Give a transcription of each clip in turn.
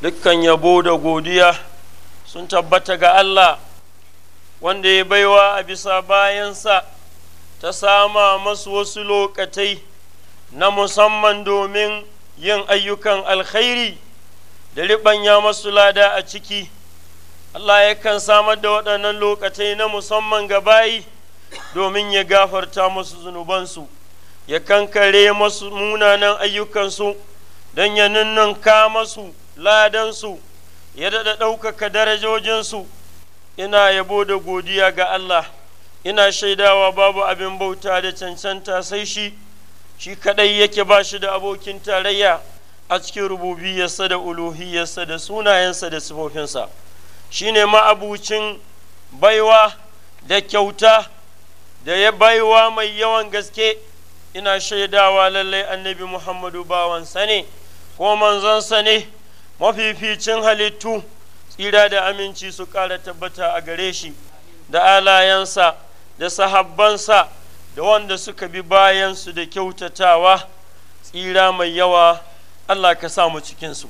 dukkan yabo da godiya sun tabbata ga Allah wanda ya baiwa a bisa bayansa ta sama masu wasu lokatai na musamman domin yin ayyukan alkhairi da riɓanya masu lada a ciki Allah yakan samar da waɗannan lokatai na musamman ga bayi domin ya gafarta masu zunubansu ya kankare masu munanan ayyukansu don ya ka masu ladansu ya daɗa ɗaukaka su ina yabo da godiya ga Allah ina shaidawa babu abin bauta da cancanta sai shi shi kaɗai yake ba shi da abokin tarayya a cikin rububiyarsa da uluhiyarsa da sunayensa da sifofinsa shi ne ma'abucin baiwa da kyauta da ya baiwa mai yawan gaske ina shaidawa lallai annabi muhammadu bawansa ne ko manzonsa ne mafificin halittu tsira da aminci su ƙara tabbata a gare shi da alayensa da sahabbansa da wanda suka bi bayansu da kyautatawa tsira mai yawa Allah ka samu cikinsu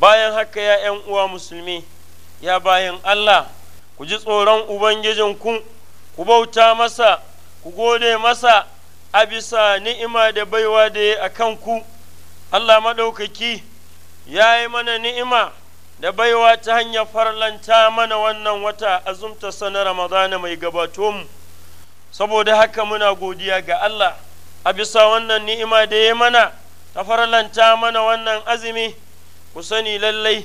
bayan haka ya ‘yan uwa musulmi ya bayan Allah ku ji tsoron Ubangijinku ku bauta masa ku gode masa a bisa ni'ima da baiwa da ya a kanku Allah maɗaukaki ya yi mana ni'ima da baiwa ta hanyar farlanta mana wannan wata azumta na ramadana mai gabato mu saboda haka muna godiya ga Allah a bisa wannan ni'ima da ya mana ta farlanta mana wannan azumi ku sani lallai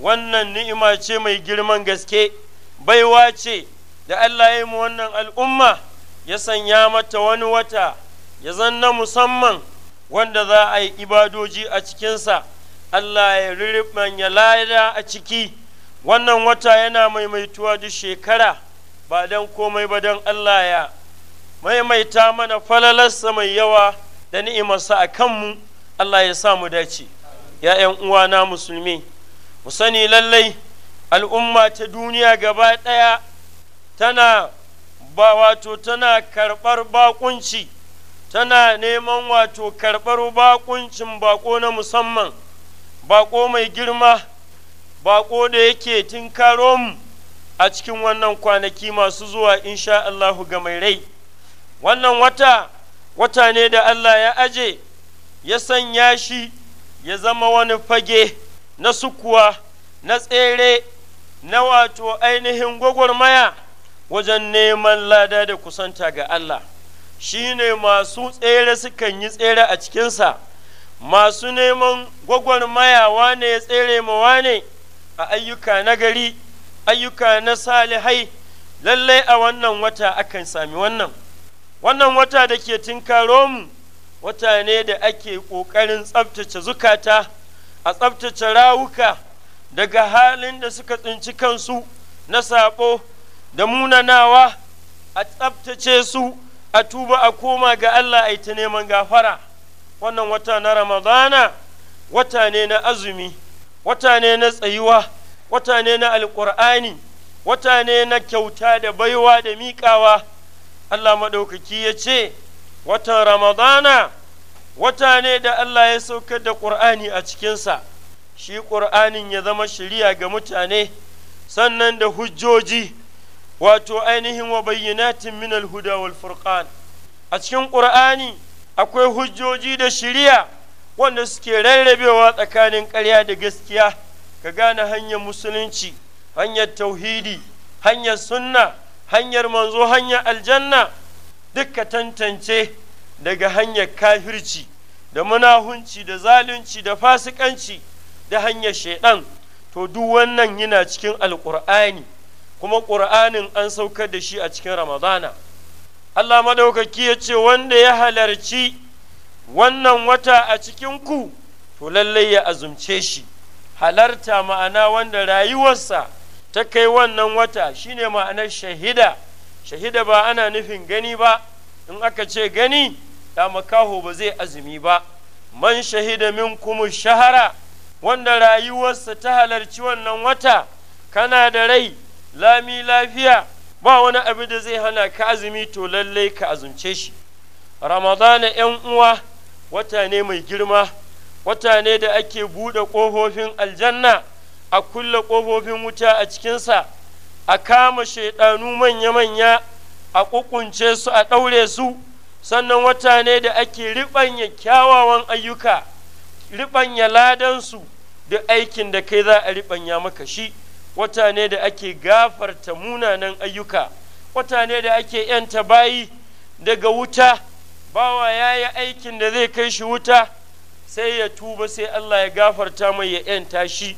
wannan ni'ima ce mai girman gaske baiwa ce da Allah ya yi mu wannan al'umma ya sanya mata wani wata ya zanna musamman wanda za a yi ibadoji a cikinsa Allah ya ya lada a ciki wannan wata yana maimaituwa duk shekara ba don komai ba don Allah ya maimaita mana falalarsa mai yawa da ni'imarsa a kanmu Allah ya sa mu dace ya ‘ya'yan uwana musulmi mu sani lallai al'umma ta duniya gaba ɗaya tana ba wato tana karɓar bakunci tana neman wato karɓar baƙuncin baƙo na musamman baƙo mai girma baƙo da yake tinkaro mu a cikin wannan kwanaki masu zuwa insha Allahu ga mai rai wannan wata wata ne da Allah ya aje ya sanya shi ya zama wani fage na sukuwa na tsere na wato ainihin gwagwarmaya wajen neman lada da kusanta ga Allah shi ne masu tsere sukan yi tsere a cikinsa masu neman gwagwarmayawa ne ya tsere mawa ne a ayyuka na gari ayyuka na salihai lallai a wannan wata akan sami wannan wannan wata da ke tinkaro mu wata ne da ake ƙoƙarin tsabtace zukata a tsabtace rawuka daga halin da suka tsinci kansu na saɓo da munanawa a tsabtace su a tuba a koma ga Allah a ta neman gafara. wannan wata na ramadana wata ne na azumi wata ne na tsayuwa wata ne na alƙur'ani wata ne na kyauta da baiwa da miƙawa allah maɗaukaki ya ce watan ramadana wata ne da allah ya saukar da ƙur'ani a cikinsa shi ƙur'anin ya zama shari'a ga mutane sannan da hujjoji wato ainihin wa bayyanatin minal huda wal furqan a cikin ƙur'ani akwai hujjoji da shirya wanda suke rarrabewa tsakanin ƙarya da gaskiya ka gane hanyar musulunci hanyar tauhidi hanyar sunna hanyar manzo hanyar aljanna dukka tantance daga hanyar kafirci da munahunci da zalunci da fasikanci da hanyar shaidan to duk wannan yana cikin alƙur'ani kuma ƙur'anin an saukar da shi a cikin ramadana Allah madaukaki ya ce wanda ya halarci wannan wata a cikin ku to lallai ya azumce shi halarta ma'ana wanda rayuwarsa ta kai wannan wata shine ma'anar shahida shahida ba ana nufin gani ba in aka ce gani da makaho ba zai azumi ba man shahida min kuma shahara wanda rayuwarsa ta halarci wannan wata kana da rai lami lafiya ba wani abin da zai hana ka azumi to lallai ka azumce shi ramadana yan uwa wata ne mai girma wata ne da ake buɗe ƙofofin aljanna a kulle ƙofofin wuta a cikinsa a kama shaiɗanu manya-manya a ƙuƙunce su a ɗaure su sannan wata ne da ake riɓanya kyawawan ayyuka riɓanya ladansu duk aikin da kai za a riɓanya maka shi wata ne da ake gafarta munanan ayyuka wata ne da ake yanta bayi daga wuta bawa ya yi aikin da zai kai shi wuta sai ya tuba sai Allah ya gafarta mai ya yanta shi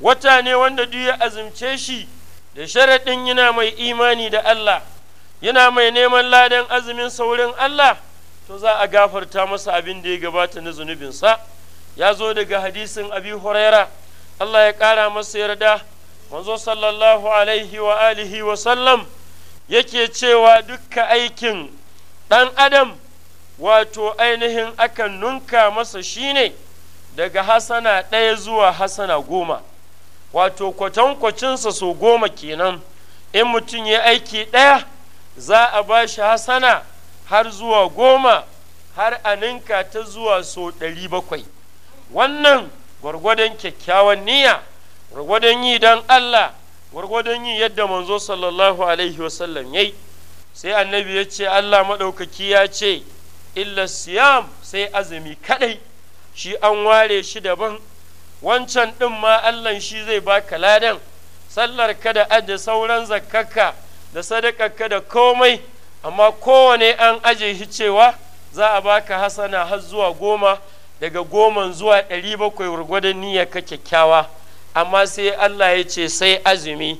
wata ne wanda duk ya azumce shi da sharaɗin yana mai imani da Allah yana mai neman ladan azumin saurin Allah to za a gafarta masa abin da ya gabata na zunubinsa ya zo daga hadisin abi huraira Allah ya ƙara masa yarda manzo sallallahu alaihi wa alihi wa sallam yake cewa dukka aikin ɗan adam wato ainihin akan nunka masa shine daga hasana ɗaya zuwa hasana goma wato kwatankwacinsa so goma kenan in mutum ya aiki ɗaya za a ba shi hasana har zuwa goma har a ninka ta zuwa so ɗari bakwai wannan gwargwadon kyakkyawan niyya gwargwadon yi don Allah gwargwadon yi yadda manzo sallallahu alaihi wasallam yayi sai annabi ya ce Allah maɗaukaki ya ce illa siyam sai azumi kaɗai shi an ware shi daban wancan ɗin ma Allah shi zai baka ladan sallar ka da aje sauran zakkarka da sadakaka da komai amma kowane an aje shi cewa za a baka hasana har zuwa goma daga goma zuwa ɗari bakwai gwargwadon niyyar ka kyakkyawa amma sai Allah ya ce sai azumi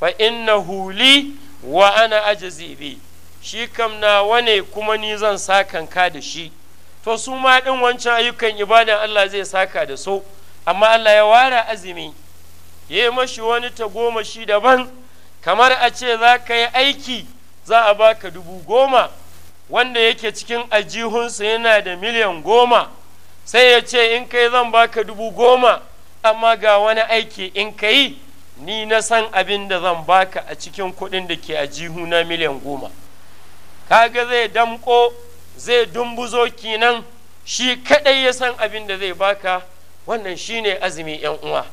fa inna huli wa ana ajazi shi kam nawa ne kuma ni zan sakanka da shi to su ma ɗin wancan ayyukan ibadan Allah zai saka da so amma Allah ya ware azumi ya yi mashi wani ta goma shi daban kamar a ce za ka yi aiki za a baka dubu goma wanda yake cikin ajihunsa yana da miliyan goma sai ya ce in kai zan baka dubu goma amma ga wani aiki in ka yi ni na san abin da zan baka a cikin kuɗin da ke a jihuna miliyan goma kaga zai damko zai dumbuzo kinan shi kaɗai ya san abin da zai baka wannan shine azumi yan uwa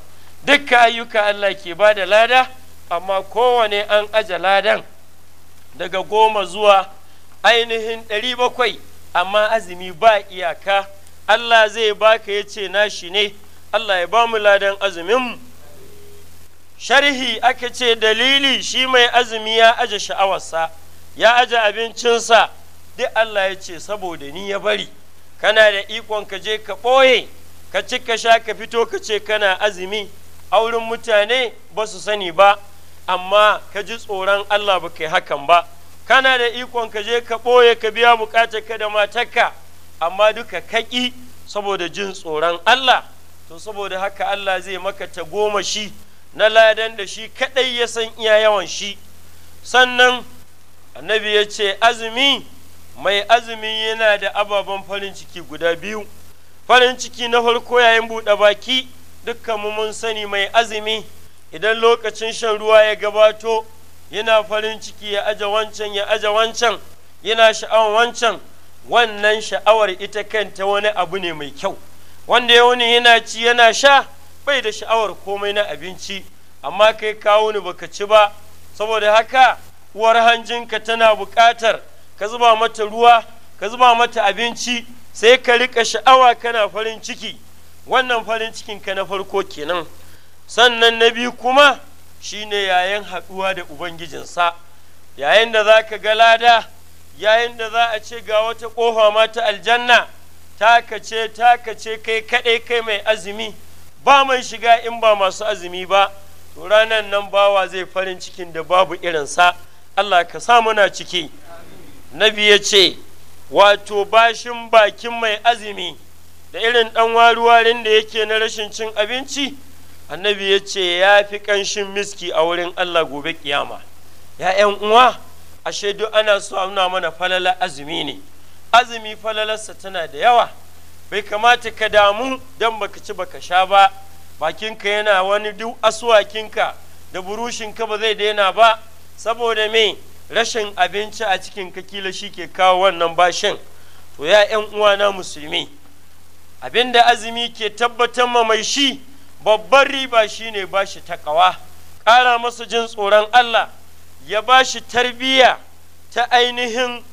dukka ayyuka Allah ke ba da lada amma kowane an aje ladan daga goma zuwa ainihin ɗari bakwai amma azumi ba iyaka Allah zai baka ya ce nashi ne Allah ya ba mu ladan azumin sharhi aka ce dalili shi mai azumi ya aje sha'awarsa ya aje abincinsa duk Allah ya ce saboda ni ya bari kana da ikon ka je ka ɓoye ka ci ka sha ka fito ka ce kana azumi auren mutane ba su sani ba amma ka ji tsoron Allah ba kai hakan ba kana da ikon ka je ka ɓoye ka biya bukatar ka da matarka amma duka kaƙi saboda jin tsoron Allah to saboda haka Allah zai maka ta goma shi na ladan da shi kadai ya san iya yawan shi sannan annabi ya ce azumi mai azumi yana da ababen farin ciki guda biyu farin ciki na farko yayin buɗe baki dukkan mu mun sani mai azumi idan lokacin shan ruwa ya gabato yana farin ciki ya aja wancan ya aja wancan yana sha'awar wancan wannan sha'awar ita kanta wani abu ne mai kyau wanda ya wuni yana ci yana sha bai da sha'awar komai na abinci amma kai kawo ni baka ci ba saboda haka uwar hanjinka tana buƙatar ka zuba mata ruwa ka zuba mata abinci sai ka rika sha'awa kana farin ciki wannan farin cikin ka na farko kenan sannan na biyu kuma shine yayin haɗuwa da ubangijinsa yayin da za ka ga lada yayin da za a ce ga wata ƙofa ma aljanna takace takace kai kaɗai kai mai azumi ba mai shiga in ba masu azumi ba to ranan nan bawa zai farin cikin da babu irinsa Allah ka sa muna ciki nabi ya ce wato bashin bakin mai azumi da irin ɗan waruwarin da yake na rashin cin abinci annabi ya ce ya fi ƙanshin miski a wurin Allah gobe kiyama ya uwa ashe duk ana so nuna mana falala azumi ne azumi falalarsa tana da yawa bai kamata ka damu don baka ci baka sha ba bakinka yana wani duk asuwakinka da burushinka ba zai daina ba saboda me rashin abinci a cikin kakila shi ke kawo wannan bashin to ya 'yan uwana musulmi abinda azumi ke tabbatar ma mai shi babban riba shi shine bashi takawa ƙara masa jin tsoron Allah ya bashi tarbiyya ta ainihin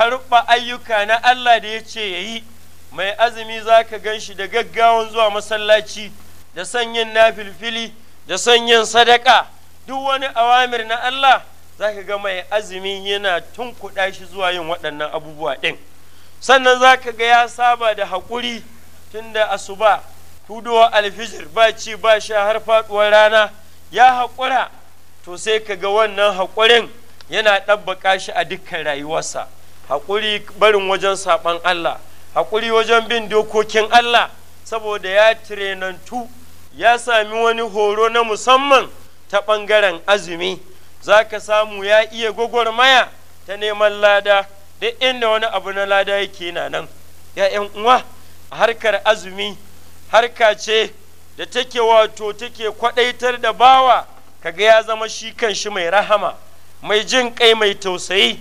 karɓa ayyuka na Allah da ya ce ya yi mai azumi za ka gan shi da gaggawan zuwa masallaci da sanyin na filfili da sanyin sadaka duk wani awamir na Allah za ka ga mai azumi yana tunkuɗa shi zuwa yin waɗannan abubuwa ɗin sannan za ka ga ya saba da haƙuri tun da asuba tuduwa alfijir ba ci ba sha har faɗuwar rana ya haƙura to sai ka ga wannan haƙurin yana ɗabbaka shi a dukkan rayuwarsa haƙuri barin wajen saɓan Allah haƙuri wajen bin dokokin Allah saboda ya tirenantu ya sami wani horo na musamman ta ɓangaren azumi za ka samu ya iya gwagwarmaya ta neman lada duk inda wani abu na lada yake na nan ‘ya'yan uwa a harkar azumi harka ce da take wato take kwaɗaitar da bawa kaga ya zama shi kan shi mai rahama mai jin kai mai tausayi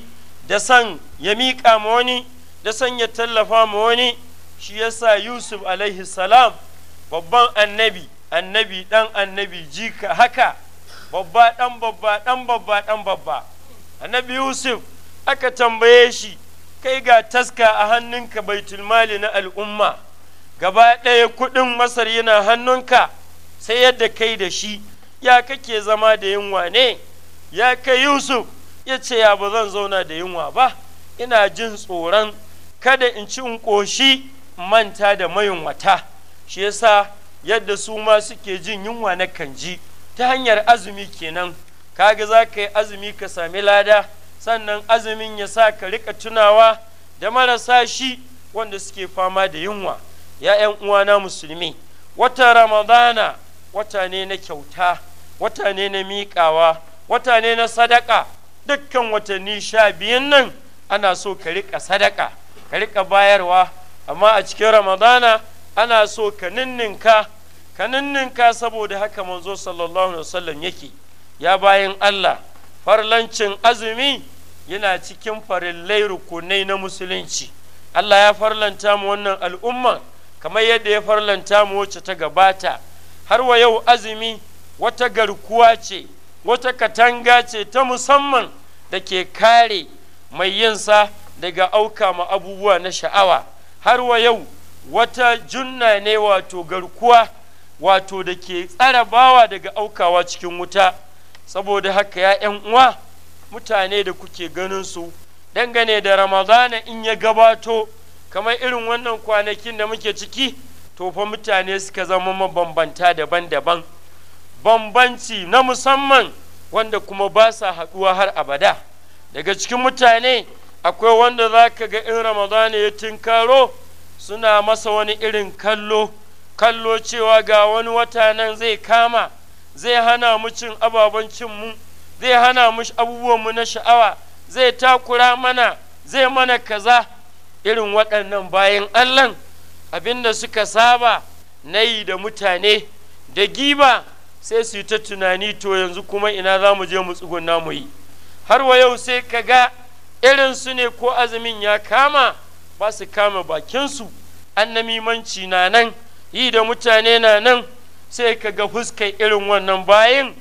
da san ya miƙa ma wani da san ya tallafa ma wani shi yasa yusuf alaihi salam babban annabi annabi dan annabi jika haka babba dan babba dan babba dan babba annabi yusuf aka tambaye shi kai ga taska a hannunka baitulmali na al'umma gaba ɗaya kuɗin masar yana hannunka sai yadda kai da shi ya kake zama da yunwa ne ya kai yusuf ya ce ya ba zan zauna da yunwa ba ina jin tsoron kada in ci in ƙoshi manta da mayunwata shi yasa yadda su ma suke jin yunwa na kanji ta hanyar azumi kenan kaga za ka yi azumi ka sami lada sannan azumin ya sa ka rika tunawa da marasa shi wanda suke fama da yunwa ya 'yan uwana musulmi wata ramadana wata ne na kyauta wata ne na miƙawa wata ne na sadaka dukkan watanni sha biyun nan ana so ka riƙa sadaka ka riƙa bayarwa amma a cikin ramadana ana so ka ninninka ka ninninka saboda haka manzo sallallahu alaihi wasallam yake ya bayan Allah farlancin azumi yana cikin farillai rukunai na musulunci Allah ya farlanta mu wannan al'umma kamar yadda ya farlanta mu wacce ta gabata har wa yau azumi wata garkuwa ce wata katanga ce ta musamman da ke kare mai yinsa daga auka ma abubuwa na sha'awa har wa yau wata junna ne wato garkuwa wato da ke tsara bawa daga aukawa cikin wuta saboda haka ya 'yan uwa mutane da kuke ganin su dangane da ramadana in ya gabato kamar irin wannan kwanakin da muke ciki to fa mutane suka zama mabambanta daban-daban bambanci na musamman wanda kuma ba sa haɗuwa har abada daga cikin mutane akwai wanda za ka ga in ramadana ya tinkaro suna masa wani irin kallo kallo cewa ga wani wata nan zai kama zai hana mu cin ababen mu zai hana mu mu na sha'awa zai takura mana zai mana kaza irin waɗannan bayan allah abinda suka saba na yi da mutane da giba sai su yi ta tunani to yanzu kuma ina za mu je mu tsuguna mu yi har wa yau sai ka ga irin su ne ko azumin ya kama ba su kama bakinsu annamimanci na nan yi da mutane na nan sai ka ga fuskai irin wannan bayin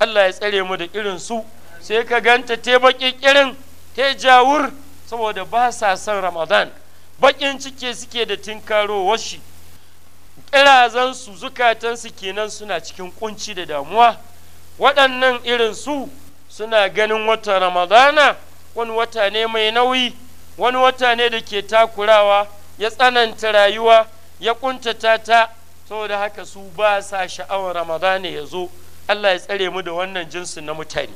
Allah ya tsare mu da irin su sai ka ganta te baƙi irin te jawur saboda ba sa son ramadan baƙin cike suke da tinkarowar shi ƙirazansu zukatansu kenan suna cikin kunci da damuwa waɗannan irin su suna ganin wata ramadana wani wata ne mai nauyi wani wata ne da ke takurawa ya tsananta rayuwa ya ƙuntata ta saboda haka su ba sa sha'awar ramadana ya zo allah ya tsare mu da wannan jinsin na mutane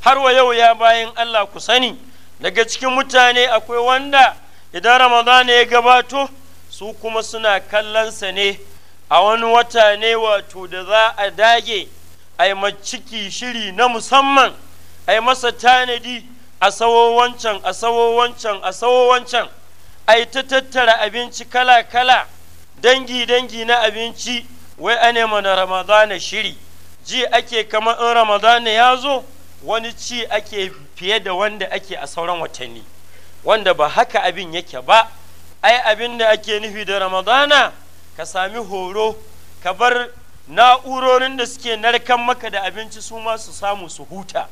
har wa yau ya bayan allah ku sani daga cikin mutane akwai wanda idan ramadana ya gabato su kuma suna kallonsa ne a wani wata ne wato da za a dage a yi maciki shiri na musamman a yi masa tanadi a sawo wancan a sawo wancan a sawo wancan a yi ta tattara abinci kala-kala dangi-dangi na abinci wai ane mana ramadana shiri ji ake kamar in ramadana ya zo wani ci ake fiye da wanda ake a sauran watanni wanda ba haka abin yake ba ai abin da ake nufi da ramadana ka sami horo ka bar na'urorin da suke narkan maka da abinci su ma su samu su huta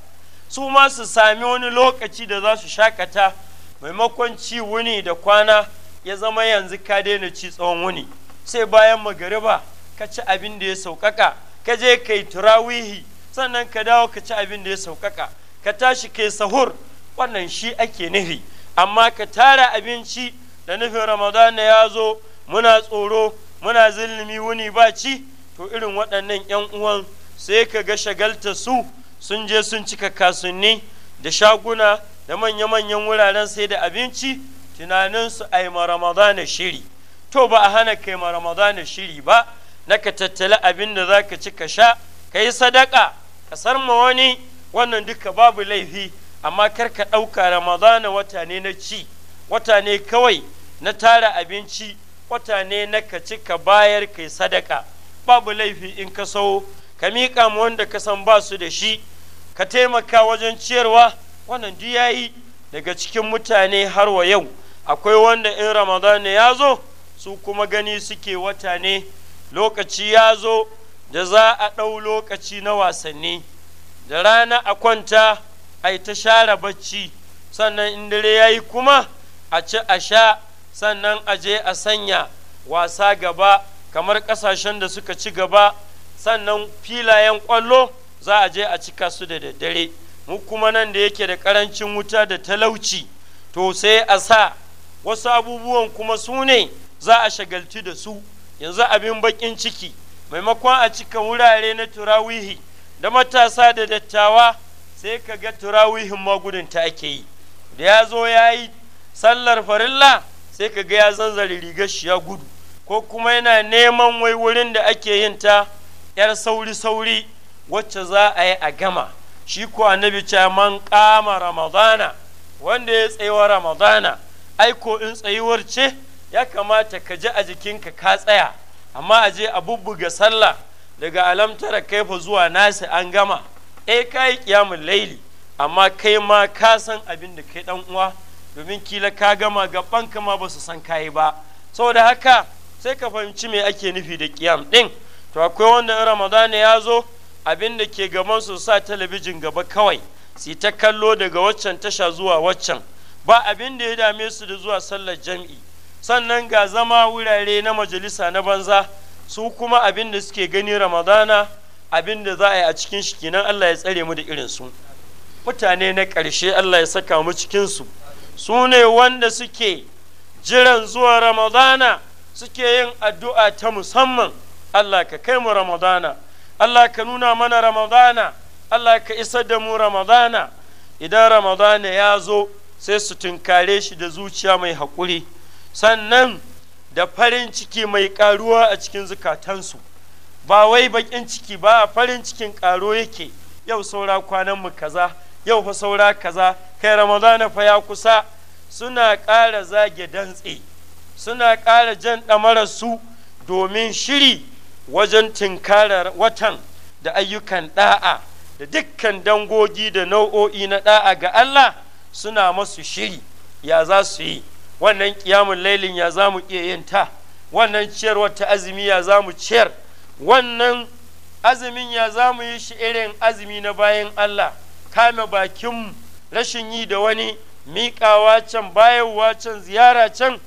su ma su sami wani lokaci da za su shakata maimakon ci wuni da kwana ya zama yanzu ka daina ci tsawon wuni sai bayan magariba ka ci abin da ya sauƙaƙa ka je ka yi turawihi sannan ka dawo ka ci abin da ya sauƙaƙa ka tashi ka yi sahur wannan shi ake nufi amma ka tara abinci da nufin ramadana ya zo muna tsoro muna zulumi wuni ba ci to irin waɗannan 'yan uwan sai ka ga shagalta su sun je sun cika kasunni da shaguna da manya-manyan wuraren sai da abinci tunaninsu a yi ramadana shiri to ba a hana kai ma ramadana shiri ba na ka tattala abin da za ka ci ka sha ka yi sadaka ka ma wani wannan duka babu laifi amma kar ka ɗauka ramadana wata ne na ci wata ne kawai na tara abinci kwata ne na ka ci ka bayar kai sadaka babu laifi in ka sau ka miƙa ma wanda ka san ba su da shi ka taimaka wajen ciyarwa wannan duk yi daga cikin mutane har wa yau akwai wanda in ramadan ya zo su kuma gani suke wata ne lokaci ya zo da za a ɗau lokaci na wasanni da rana a kwanta a ta share bacci sannan in dare ya yi kuma a ci a sha sannan a je a sanya wasa gaba kamar kasashen da suka ci gaba sannan filayen kwallo za a je a cika su da daddare mu kuma nan da yake da ƙarancin wuta da talauci to sai a sa wasu abubuwan kuma su ne za a shagaltu da su yanzu abin baƙin ciki maimakon a cika wurare na turawihi da matasa da dattawa sai ka ga turawihin magudunta ake yi da ya zo ya yi sallar farilla sai ka ga ya zanzare rigar shi ya gudu ko kuma yana neman wai wurin da ake yin ta yar sauri sauri wacce za a yi a gama shi ko annabi ce man kama ramadana wanda ya tsayuwa ramadana ai ko in tsayuwar ce ya kamata ka ji a jikinka ka tsaya amma a je a bubbuga sallah daga alamtara kaifa zuwa nasi an gama eh kai kiyamul laili amma kai ma ka san abin da kai dan uwa domin kila ka gama gaban kama ba su san kayi ba saboda haka sai ka fahimci me ake nufi da kiyam din to akwai wanda in ramadana ya zo abin da ke gaban su sa talabijin gaba kawai su ta kallo daga waccan tasha zuwa waccan ba abin da ya dame su da zuwa sallar jam'i sannan ga zama wurare na majalisa na banza su kuma abin da suke gani ramadana abin da za a yi a cikin shi kenan allah ya tsare mu da irin su mutane na ƙarshe allah ya saka mu cikin su. su ne wanda suke jiran zuwa ramadana suke yin addu'a ta musamman Allah ka kai mu ramadana Allah ka nuna mana ramadana Allah ka isar da mu ramadana idan ramadana ya zo sai su tunkare shi da zuciya mai haƙuri sannan da farin ciki mai ƙaruwa a cikin zukatansu ba wai baƙin ciki ba farin cikin ƙaro yake yau saura kwanan mu kaza yau fa saura kaza kai ramadana fa ya kusa suna ƙara zage dantse suna ƙara jan su domin shiri wajen tinkarar watan da ayyukan ɗa'a da dukkan dangogi da nau'o'i na ɗa'a ga Allah suna masu shiri ya za su yi wannan ƙiyamun lailin ya za mu iya yin ta wannan ciyar wata azumi ya za mu ciyar wannan azumin ya za mu yi shi irin azumi na bayan Allah kame bakinmu rashin yi da wani miƙawa can bayarwa can ziyara can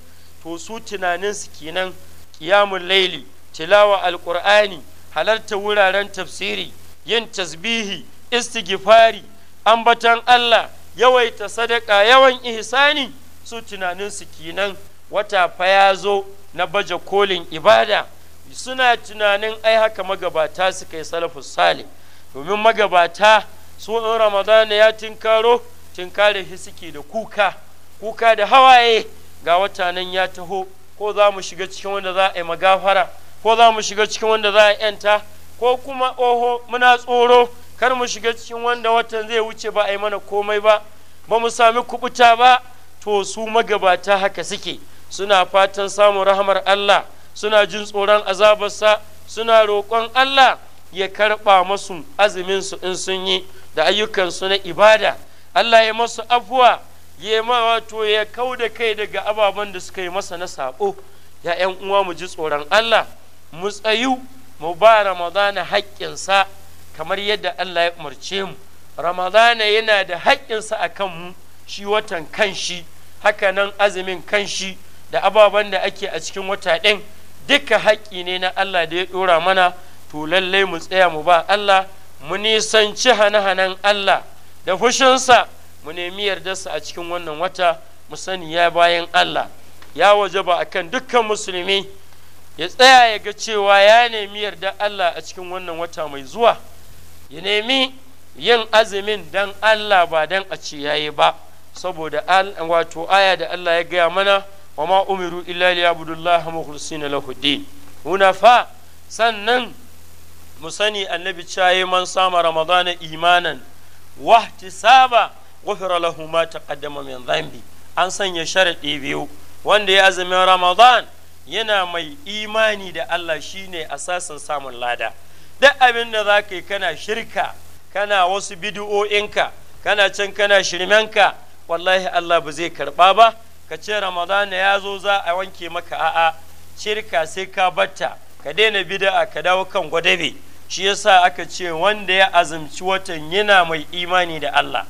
to su tunaninsu kenan ƙiyamun laili tilawa alƙur'ani halarta wuraren tafsiri yin tasbihi istighfari ambatan Allah yawaita sadaka yawan ihsani su tunaninsu kenan wata fa ya zo na baje kolin ibada suna tunanin ai haka magabata suka yi salafus salih domin magabata su in ramadana ya tinkaro tinkare shi suke da kuka kuka da hawaye ga wata ya taho ko za mu shiga cikin wanda za a yi magafara ko za mu shiga cikin wanda za a yanta ko kuma oho muna tsoro kar mu shiga cikin wanda watan zai wuce ba a yi mana komai ba ba mu sami kubuta ba to su magabata haka suke suna fatan samun rahamar Allah suna jin tsoron azabarsa suna roƙon Allah ya karɓa masu azuminsu in sun yi da ayyukansu na ibada Allah ya masu afuwa ya ma wato ya kau da kai daga ababen da suka yi masa na saɓo ya ‘yan uwa mu ji tsoron Allah mu tsayu mu ba Ramadana haƙƙinsa kamar yadda Allah ya umarce mu Ramadana yana da haƙƙinsa a mu shi watan kanshi haka nan azumin kanshi da ababen da ake a cikin wata ɗin duka haƙƙi ne na Allah da ya ɗora mana to lallai mu tsaya mu ba Allah mu nisanci hane-hanen Allah da fushinsa mu nemi yardarsa a cikin wannan wata mu sani ya bayan Allah ya waje ba a kan dukkan musulmi ya tsaya ya ga cewa ya nemi yarda Allah a cikin wannan wata mai zuwa ya nemi yin azumin dan Allah ba dan a ce yayi ba saboda wato aya da Allah ya gaya mana wa ma umiru illa liya'budullaha mukhlisina lahu din hunafa sannan mu sani annabi cayi man sama ramadana imanan wahtisaba ghufira lahu ma taqaddama min dhanbi an sanya sharadi biyu wanda ya azumi ramadan yana mai imani da Allah shine asasin samun lada duk abin da za yi kana shirka kana wasu bidiyo'inka kana can kana shirmenka wallahi Allah ba zai karba ba ka ce ramadana ya zo za a wanke maka a'a shirka sai ka batta ka daina bid'a ka dawo kan gwadabe shi yasa aka ce wanda ya azumci watan yana mai imani da Allah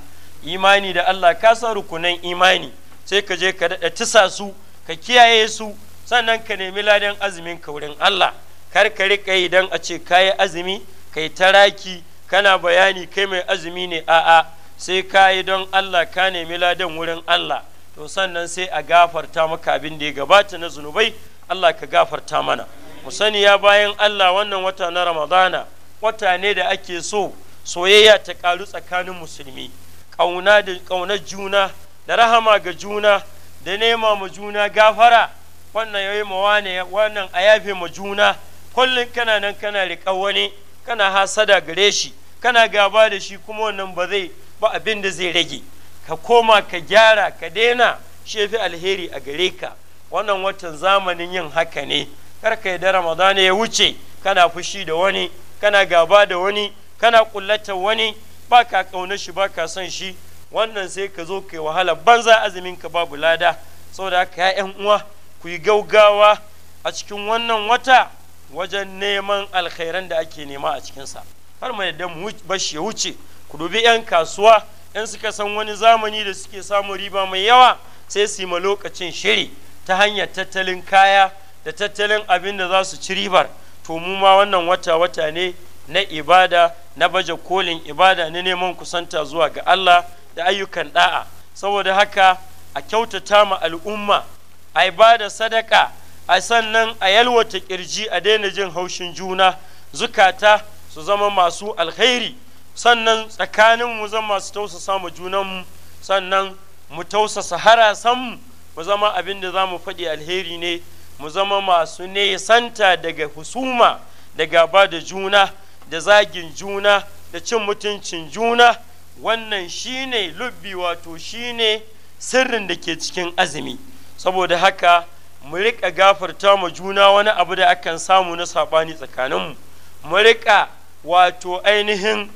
imani da Allah ka san rukunan imani sai ka je ka daɗa tisa su ka kiyaye su sannan ka nemi ladan azumin ka wurin Allah kar ka riƙa yi don a ce kayi azumi kai taraki kana bayani kai mai azumi ne a'a sai kayi don Allah ka nemi ladan wurin Allah to sannan sai a gafarta maka abin da ya gabata na zunubai Allah ka gafarta mana mu sani ya bayan Allah wannan wata na Ramadana wata ne da ake so soyayya ta karu tsakanin musulmi ƙauna da juna da rahama ga juna da nema ma juna gafara wannan yayi ma wane wannan a yafe ma juna kullum kana nan kana riƙa wani kana hasada gare shi kana gaba da shi kuma wannan ba zai ba abin da zai rage ka koma ka gyara ka daina shefi alheri a gare ka wannan watan zamanin yin haka ne kar ka yi da ramadana ya wuce kana fushi da wani kana gaba da wani kana kullata wani ba ka kauna shi ba ka son shi wannan sai ka zo kai wahala banza azumin ka babu lada saboda haka ya yan uwa ku yi gaugawa a cikin wannan wata wajen neman alkhairan da ake nema a cikinsa har mai da bashi ya wuce ku dubi 'yan kasuwa 'yan suka san wani zamani da suke samun riba mai yawa sai su yi ma lokacin shiri ta hanyar tattalin kaya da tattalin abin da za su ci ribar to mu ma wannan wata wata ne na ibada na baje kolin ibada na neman kusanta zuwa ga Allah da ayyukan da'a saboda haka a kyautata ma al'umma a ibada sadaka a sannan a yalwata kirji a daina jin haushin juna zukata su zama masu alkhairi sannan tsakanin mu zama su tausasa mu junanmu sannan mu tausasa harasan mu zama abin da za mu faɗi alheri ne mu zama masu nesanta daga husuma da gaba da juna da zagin juna da cin mutuncin juna wannan shine lubbi wato shine sirrin da ke cikin azumi saboda haka mu riƙa gafarta ma juna wani abu da akan samu na saɓani tsakaninmu mu riƙa wato ainihin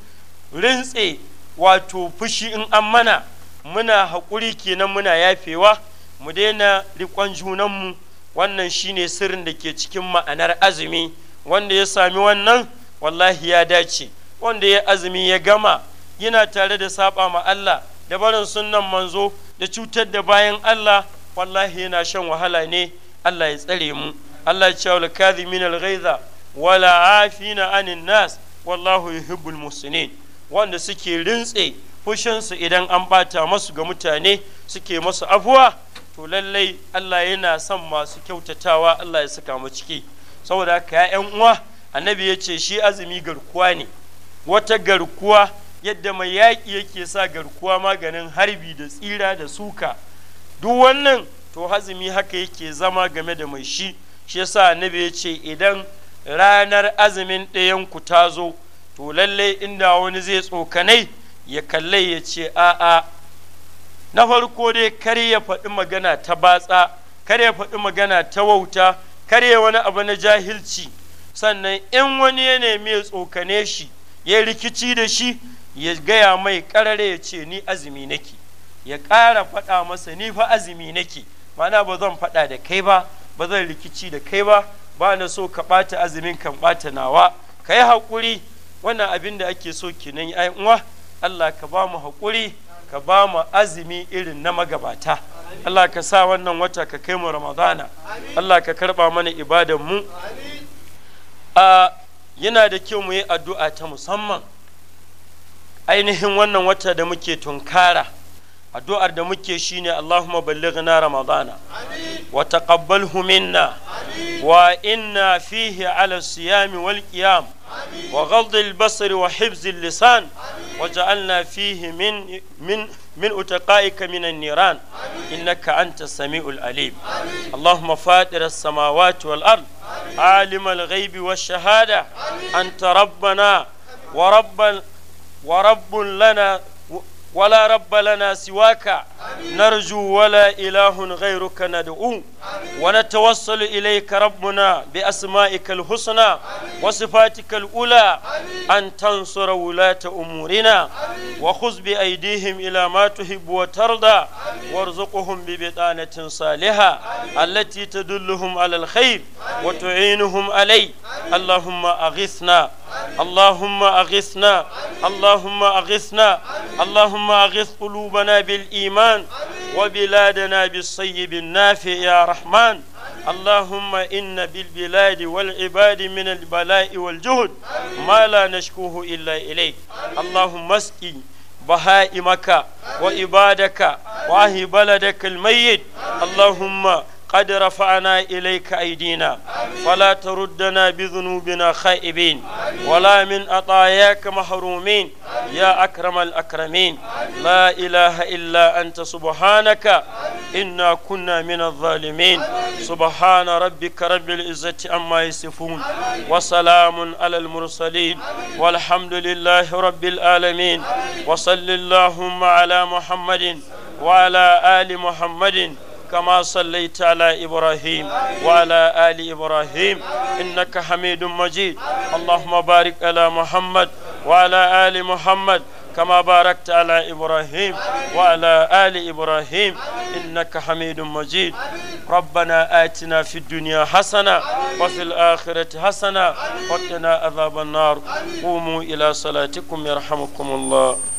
rintse wato fushi in an mana muna haƙuri kenan muna yafewa mu daina riƙon junanmu wannan shine sirrin da ke cikin ma'anar azumi wanda ya sami wannan wallahi ya dace wanda ya azumi ya gama yana tare da saba ma Allah da barin sunnan manzo da cutar da bayan Allah wallahi yana shan wahala ne Allah ya tsare mu Allah ya ce wal kadhimin alghayza wala afina anin nas wallahu yuhibbul muslimin wanda suke rintse fushinsu idan an bata masu ga mutane suke masu afuwa to lallai Allah yana son masu kyautatawa Allah ya saka mu ciki saboda haka 'yan uwa annabi ya ce shi azumi garkuwa ne wata garkuwa yadda mai yaƙi yake sa garkuwa maganin harbi da tsira da suka duk wannan to azumi haka yake zama game da mai shi shi yasa annabi ya ce idan ranar azumin ɗayan ku ta zo to lallai inda wani zai tsokanai ya kalle ya ce a'a na farko dai kar ya faɗi magana ta batsa kar ya faɗi magana ta wauta kar ya wani abu na jahilci sannan in wani ya nemi ya tsokane shi ya rikici da shi ya gaya mai karare ya ce ni azumi nake ya ƙara faɗa masa ni fa azumi nake mana ba zan faɗa da kai ba ba zan rikici da kai ba ba na so ka ɓata azumin kan ɓata nawa ka yi haƙuri wannan abin da ake so kenan ya uwa Allah ka ba mu haƙuri ka ba mu azumi irin na magabata Allah ka sa wannan wata ka kai mu ramadana Allah ka karba mana ibadan mu a yana da kyau mu yi addu'a ta musamman ainihin wannan wata da muke tunkara addu'ar da muke shine Allahumma ballighna ramadana wa taqabbalhu minna wa inna fihi ala siyami wal qiyam وغض البصر وحفظ اللسان وجعلنا فيه من من من أتقائك من النيران إنك أنت السميع العليم اللهم فاطر السماوات والأرض عالم الغيب والشهادة أنت ربنا ورب ورب لنا ولا رب لنا سواك نرجو ولا إله غيرك ندعو ونتوصل إليك ربنا بأسمائك الحسنى وصفاتك الأولى أن تنصر ولاة أمورنا وخذ بأيديهم إلى ما تحب وترضى وارزقهم ببطانة صالحة التي تدلهم على الخير وتعينهم عليه اللهم أغثنا اللهم أغثنا اللهم أغثنا اللهم أغث قلوبنا بالإيمان وبلادنا بالصيب النافع يا رحمن اللهم إن بالبلاد والعباد من البلاء والجهد ما لا نشكوه إلا إليك اللهم اسقي بهائمك وعبادك وأهل بلدك الميت اللهم قد رفعنا إليك أيدينا ولا تردنا بذنوبنا خائبين ولا من أطاياك محرومين يا أكرم الأكرمين لا إله إلا أنت سبحانك إنا كنا من الظالمين سبحان ربك رب العزة عما يصفون وسلام على المرسلين والحمد لله رب العالمين وصل اللهم على محمد وعلى آل محمد كما صليت على إبراهيم وعلى آل إبراهيم إنك حميد مجيد اللهم بارك على محمد وعلى آل محمد كما باركت على إبراهيم وعلى آل إبراهيم إنك حميد مجيد ربنا آتنا في الدنيا حسنة وفي الآخرة حسنة وقنا عذاب النار قوموا إلى صلاتكم يرحمكم الله